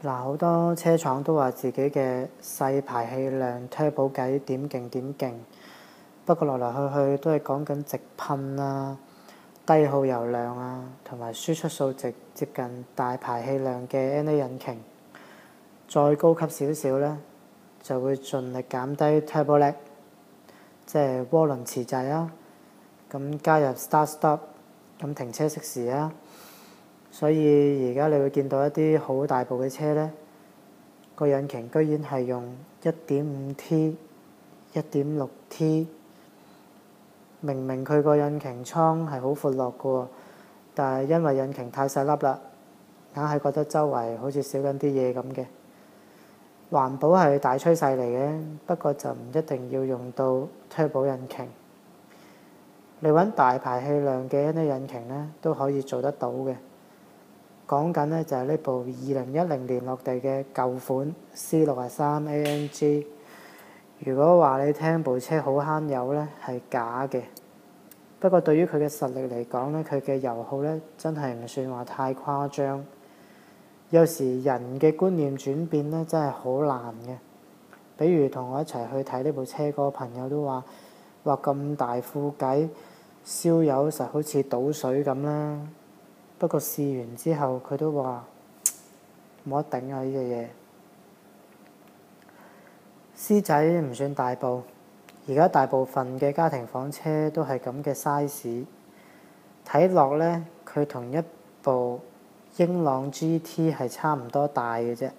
嗱，好多車廠都話自己嘅細排氣量 turbo 機點勁點勁，不過來來去去都係講緊直噴啊、低耗油量啊，同埋輸出數值接近大排氣量嘅 NA 引擎，再高級少少咧，就會盡力減低 turbo lag，即係渦輪遲滯啊，咁加入 start-stop，咁停車熄匙啊。所以而家你會見到一啲好大部嘅車咧，個引擎居然係用一點五 t、一點六 t，明明佢個引擎倉係好闊落嘅喎，但係因為引擎太細粒啦，硬係覺得周圍好似少緊啲嘢咁嘅。環保係大趨勢嚟嘅，不過就唔一定要用到 turbo 引擎，你揾大排氣量嘅一啲引擎咧都可以做得到嘅。講緊呢，就係呢部二零一零年落地嘅舊款 C 六十三 AMG。如果話你聽部車好慳油呢，係假嘅。不過對於佢嘅實力嚟講呢，佢嘅油耗呢，真係唔算話太誇張。有時人嘅觀念轉變呢，真係好難嘅。比如同我一齊去睇呢部車嗰、那個朋友都話：哇，咁大副偈，燒油實好似倒水咁啦。不過試完之後，佢都話冇得頂啊！呢隻嘢 C 仔唔算大部，而家大部分嘅家庭房車都係咁嘅 size。睇落呢，佢同一部英朗 GT 係差唔多大嘅啫。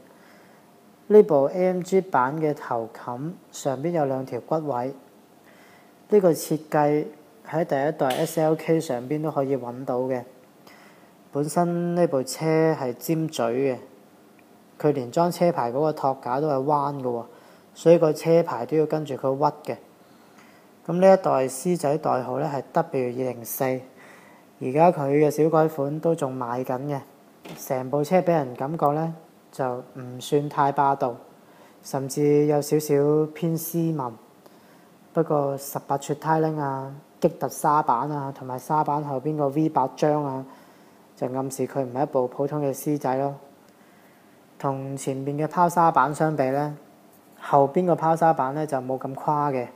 呢部 AMG 版嘅頭冚，上邊有兩條骨位，呢、呢個設計喺第一代 SLK 上邊都可以揾到嘅。本身呢部車係尖嘴嘅，佢連裝車牌嗰個托架都係彎嘅喎，所以個車牌都要跟住佢屈嘅。咁呢一代 C 仔代號咧係 W 二零四，而家佢嘅小改款都仲賣緊嘅，成部車俾人感覺咧就唔算太霸道，甚至有少少偏斯文。不過十八吋胎鈴啊，激突沙板啊，同埋沙板後邊個 V 八張啊。就暗示佢唔係一部普通嘅 C 仔咯，同前面嘅拋砂板相比呢，後邊個拋砂板呢就冇咁誇嘅，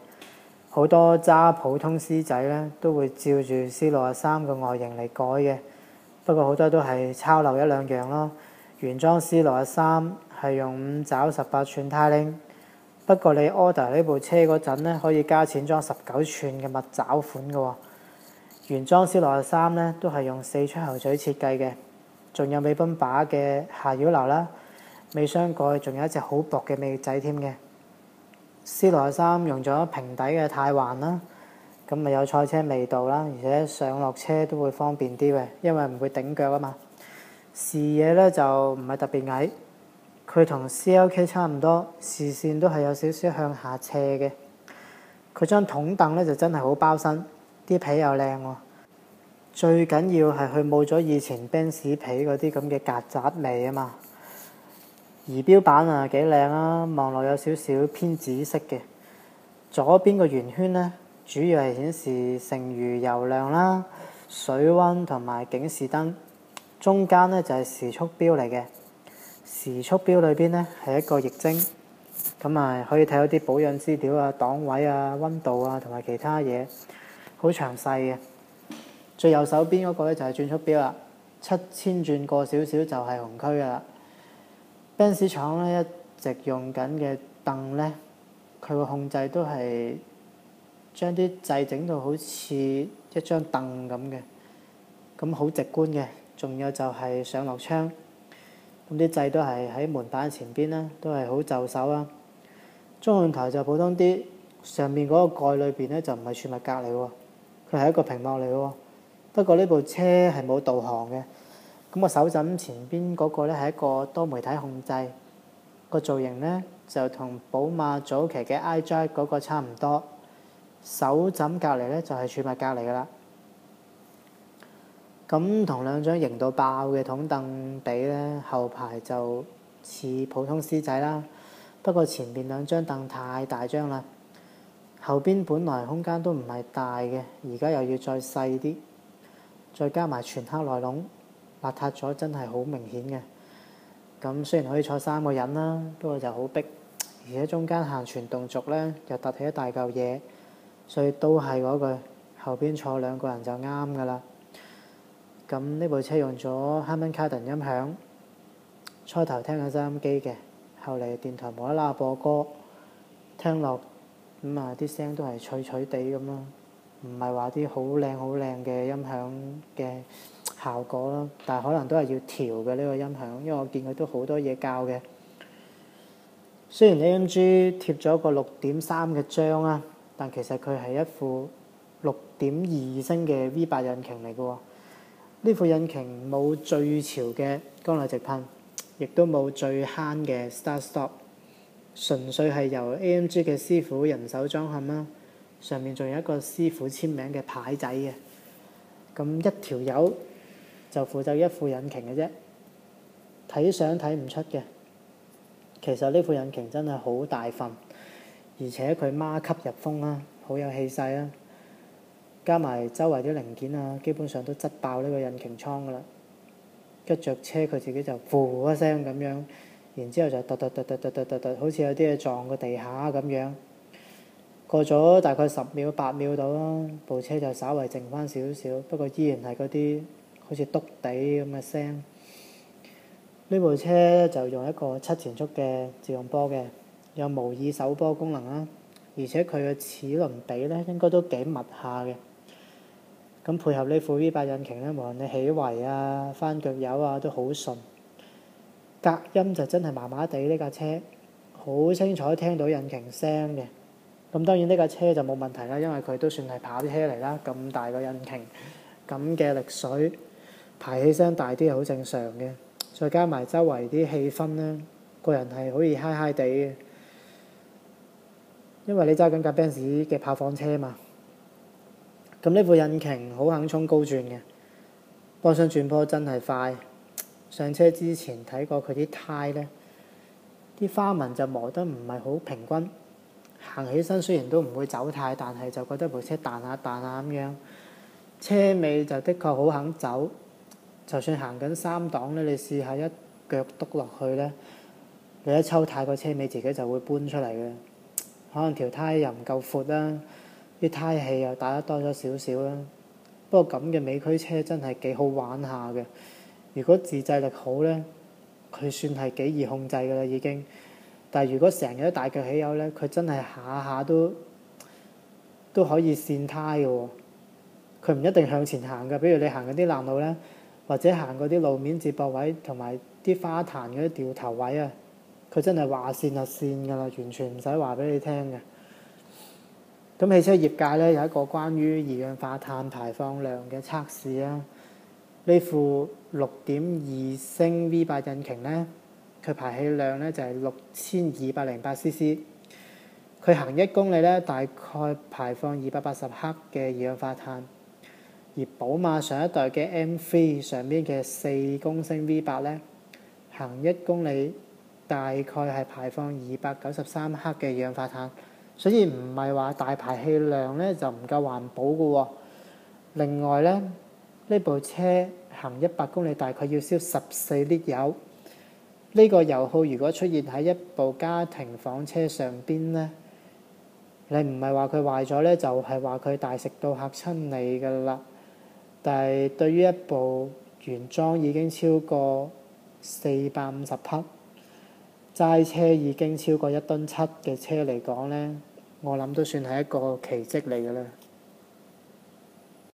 好多揸普通 C 仔呢，都會照住 C 六啊三嘅外形嚟改嘅，不過好多都係抄漏一兩樣咯。原裝 C 六啊三係用五爪十八寸胎鈴，不過你 order 呢部車嗰陣呢，可以加錢裝十九寸嘅密爪款嘅喎。原裝 C63 咧都係用四出喉嘴設計嘅，仲有尾泵把嘅下擾流啦，尾箱蓋仲有一隻好薄嘅尾仔添嘅。C63 用咗平底嘅軚環啦，咁咪有賽車味道啦，而且上落車都會方便啲嘅，因為唔會頂腳啊嘛。視野咧就唔係特別矮，佢同 C L K 差唔多，視線都係有少少向下斜嘅。佢張桶凳咧就真係好包身。啲皮又靚喎，最緊要係佢冇咗以前 Benz 皮嗰啲咁嘅曱甴味啊嘛。儀表板啊幾靚啦，望落、啊、有少少偏紫色嘅。左邊個圓圈呢，主要係顯示剩餘油量啦、水溫同埋警示燈。中間呢就係、是、時速表嚟嘅，時速表裏邊呢係一個液晶，咁咪可以睇到啲保養資料啊、檔位啊、溫度啊同埋其他嘢。好詳細嘅，最右手邊嗰個呢就係轉速表啦，七千轉過少少就係紅區㗎啦。Benz 廠呢一直用緊嘅凳呢，佢個控制都係將啲掣整到好似一張凳咁嘅，咁好直觀嘅。仲有就係上落窗，咁啲掣都係喺門板前邊啦，都係好就手啊。中控台就普通啲，上面嗰個蓋裏邊呢就唔係儲物格嚟㗎喎。佢係一個屏幕嚟喎，不過呢部車係冇導航嘅。咁個手枕前邊嗰個咧係一個多媒體控制，個造型咧就同寶馬早期嘅 iDrive 嗰個差唔多。手枕隔離咧就係儲物格嚟㗎啦。咁同兩張型到爆嘅筒凳比咧，後排就似普通獅仔啦。不過前面兩張凳太大張啦。後邊本來空間都唔係大嘅，而家又要再細啲，再加埋全黑內籠，邋遢咗真係好明顯嘅。咁雖然可以坐三個人啦，不過就好逼，而且中間行全動軸咧又凸起一大嚿嘢，所以都係嗰句，後邊坐兩個人就啱㗎啦。咁呢部車用咗 Harman Kardon 音響，初頭聽緊收音機嘅，後嚟電台無啦啦播歌，聽落。咁、嗯、啊，啲聲都係脆脆地咁咯，唔係話啲好靚好靚嘅音響嘅效果啦，但係可能都係要調嘅呢個音響，因為我見佢都好多嘢教嘅。雖然 AMG 貼咗個六點三嘅章啊，但其實佢係一副六點二升嘅 V 八引擎嚟嘅喎。呢副引擎冇最潮嘅缸內直噴，亦都冇最慳嘅 Start Stop。純粹係由 AMG 嘅師傅人手裝嵌啦，上面仲有一個師傅簽名嘅牌仔嘅，咁一條友就負責一副引擎嘅啫，睇相睇唔出嘅，其實呢副引擎真係好大份，而且佢孖吸入風啦、啊，好有氣勢啊。加埋周圍啲零件啊，基本上都擠爆呢個引擎倉㗎喇，一着車佢自己就呼一聲咁樣。然之後就突突突突突突突突，好似有啲嘢撞個地下咁樣。過咗大概十秒、八秒到啦，部車就稍微靜翻少少，不過依然係嗰啲好似篤地咁嘅聲。呢部車就用一個七前速嘅自動波嘅，有模擬手波功能啦，而且佢嘅齒輪比呢應該都幾密下嘅。咁配合呢副 V 八引擎呢，無論你起圍啊、翻腳油啊，都好順。隔音就真係麻麻地，呢架車，好清楚聽到引擎聲嘅。咁當然呢架車就冇問題啦，因為佢都算係跑車嚟啦，咁大個引擎，咁嘅力水，排氣聲大啲係好正常嘅。再加埋周圍啲氣氛呢，個人係可以嗨嗨地嘅，因為你揸緊架 Benz 嘅跑房車嘛。咁呢副引擎好肯衝高轉嘅，波箱轉波真係快。上車之前睇過佢啲胎呢，啲花紋就磨得唔係好平均，行起身雖然都唔會走胎，但係就覺得部車彈下彈下咁樣。車尾就的確好肯走，就算行緊三檔呢，你試下一腳篤落去呢，你一抽胎個車尾自己就會搬出嚟嘅。可能條胎又唔夠闊啦，啲胎氣又打得多咗少少啦。不過咁嘅尾驅車真係幾好玩下嘅。如果自制力好呢，佢算係幾易控制噶啦已經。但係如果成日都大腳起油呢，佢真係下下都都可以跣胎噶喎。佢唔一定向前行嘅，比如你行嗰啲爛路呢，或者行嗰啲路面接駁位同埋啲花壇嗰啲掉頭位啊，佢真係話跣就跣噶啦，完全唔使話俾你聽嘅。咁汽車業界呢，有一個關於二氧化碳排放量嘅測試啊。呢副六點二升 V 八引擎呢，佢排氣量呢就係六千二百零八 CC，佢行一公里呢，大概排放二百八十克嘅二氧化碳，而寶馬上一代嘅 M3 上面嘅四公升 V 八呢，行一公里大概係排放二百九十三克嘅二氧化碳，所以唔係話大排氣量呢就唔夠環保㗎喎。哦，另外呢。呢部車行一百公里大概要燒十四 lift 油，呢個油耗如果出現喺一部家庭房車上邊呢，你唔係話佢壞咗呢，就係話佢大食到嚇親你㗎喇。但係對於一部原裝已經超過四百五十匹、齋車已經超過一噸七嘅車嚟講呢，我諗都算係一個奇蹟嚟㗎喇。